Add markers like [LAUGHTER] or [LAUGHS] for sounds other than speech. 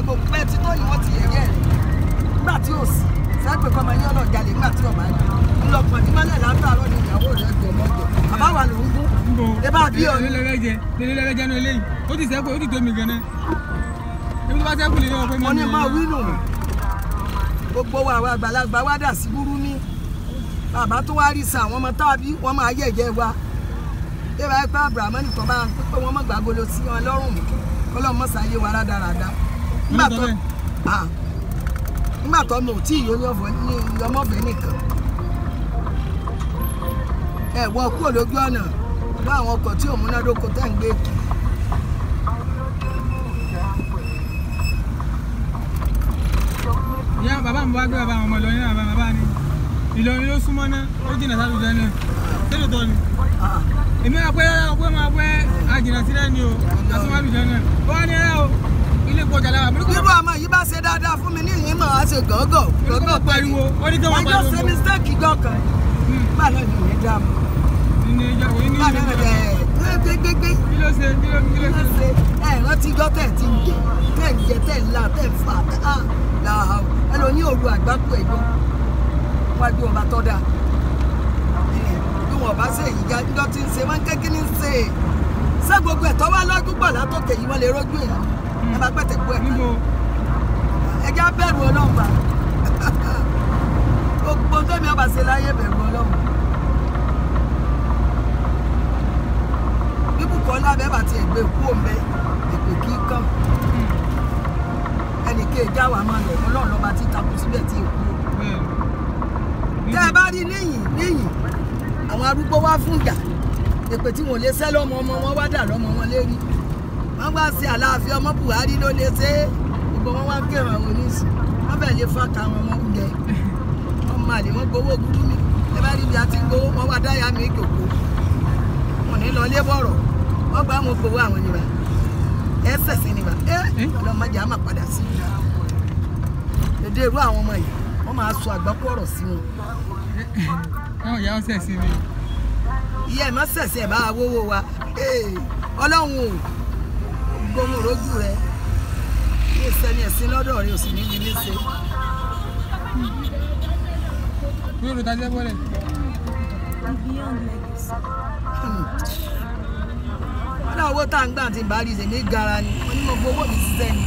aago pẹ́ tí tó yìí wọ́n ti yẹ̀yẹ́ rẹ̀ nígbà tí ò sí sẹ́gbẹ̀ẹ́ kọ́ máa yín ọ̀nà ìjàlè nígbà tí ọ̀bá yìí ńlọpọ̀ ní mọ́lẹ̀ látàárọ̀ ni ìyàwó rẹ̀ gbọ̀ mọ́jọ àbáwá ló ń gún. ebá bí o lélẹ́lẹ́jẹ lélẹ́lẹ́jẹ ní eléyìí ó ti sẹ́kù ó ti tómi gan-an ebi tó bá sẹ́kù lè yọ ọ pé mo ní. mo ní máa wí nù gbogbo wa àwọn àgbàlagbà wa dà sí burú ní bàbá tó wá rí sa àwọn ọmọ tábí wọn máa yẹ̀yẹ́ wa ẹ bá yẹ pé abrahamu nìkan bá pé wọn mọ̀ gbàgbọ́ lọ sí wọn kọ́lọ́ mọ́sàáyé wa rádaràda nígbà tó mi ò tí ì yọmọ́fẹ́ nìkan ẹ wọ kúrò lójú ọ̀nà bá àwọn ọkọ̀ tí ò múnádóko tá ń gbé kiri. ìyá bàbá mi wá gbé bàbá àwọn ọmọ Ìlọrin náà bàbá ni Ìlọrin ló súnmọ́ náà ó jìnnà sálùjẹ náà tẹ́lẹ̀ tọ́ ni èmi àpẹ́ rárá ọgbẹ́ máa pẹ́ àjìnà sílẹ̀ ni o àsúnmọ́ àlùjẹ náà ó wá ní o lè kọjá lára mi. irú àmọ́ yìí bá ṣe dáadáa fún mi ní ìyín mọ̀ á ṣe gọ́gọ́ gọ́gọ́ pariwo wọ́n jọ ṣe mistake gbọ́kàn hmm. bá náà ní ìyẹn dá mọ́. bá náà ní ẹ gbégbégbé kí ló ṣe kí ló ṣe ẹ rántí gbọ́ tẹ̀ tí ń jẹ tẹ̀ ń jẹ tẹ̀ ń la tẹ̀ ń fa á là á ẹ lọ ní òru àgbákò ẹ̀gbọ́n wọ́n gbé wọn bá tọ́ da bí wọn bá ṣe èyí gbọ́ tí ń ṣe wọ́n kékeré ń ṣe ṣé gbogbo ẹ̀tọ́ wá lọ́gbùgbọ̀ látòkè yìí wọ́n lè rọ́jú èèyàn gbogbo ẹ̀ ẹja bẹ̀rù ọlọ́run bá [LAUGHS] gbogbo tẹ́mi ọba ṣe láyé bẹ̀rù ọlọ́run bíbùkọ́ lábẹ́ bàtí ẹ̀gbẹ́ kú òǹbẹ́ èpè kí kàn ẹnìkan ìjà wà máa lọ ọlọ́run lọ́ba tí takò síbẹ̀ tí èkú hmm. tẹ́ ẹ bá rí níyìn níyìn àwọn arúgbó wá fún ìjà èpè tí wọ́n lè sẹ́ lọ́mọ ọmọ wọn wá dà lọ́mọ wọn lérí wọ́n wá sí àlàáfíà ọmọ Buhari ló lè ṣe é gbogbo wọn wá ń kẹrọ àwọn oníṣẹ́ wọ́n fẹ́ lè fa ka àwọn ọmọ oúnjẹ wọ́n máa lè wọ́n gbowó gúdú mi ẹ bá rí ibi àti gbowó wọ́n wá dáyà mi ìjòkó wọn ní lọ lé bọ̀rọ̀ wọ́n gbà wọn gbowó àwọn ìwà ẹ sẹ̀sìn ìwà ẹ ọlọ́mọdé á máa padà sí ìwà èdè irú àwọn ọmọ yìí wọ́n máa sọ àgbákò ọ̀rọ̀ sí wọn. káwọn ìyá ọ̀sẹ̀ sí mi. ìyá ẹ̀ má sẹ̀sẹ̀ bá wa wa ọlọ́run o gbóhùn rójú rẹ ní ìsẹni ẹ̀sìn lọ́dọ̀ rẹ ò ní nílé ṣe. bí olùtajà bọ́lẹ̀. wọ́n owó tá à ń gbà tí bá ní gara ni onímọ̀ gbowó mi ṣiṣẹ́ ni.